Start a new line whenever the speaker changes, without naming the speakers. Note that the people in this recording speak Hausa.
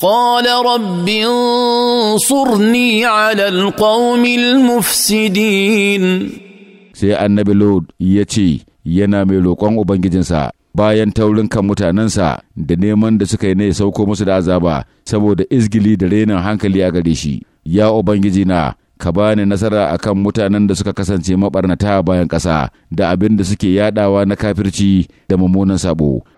قال رب انصرني على القوم المفسدين
sai annabi lod ya ce yana mai roƙon ubangijinsa bayan taurin kan mutanensa da neman da suka yi ne sauko musu da azaba saboda izgili da renin hankali a gare shi ya ubangiji na ka bani nasara akan mutanen da suka kasance mabarnata bayan ƙasa da abin da suke yadawa na kafirci da mummunan sabo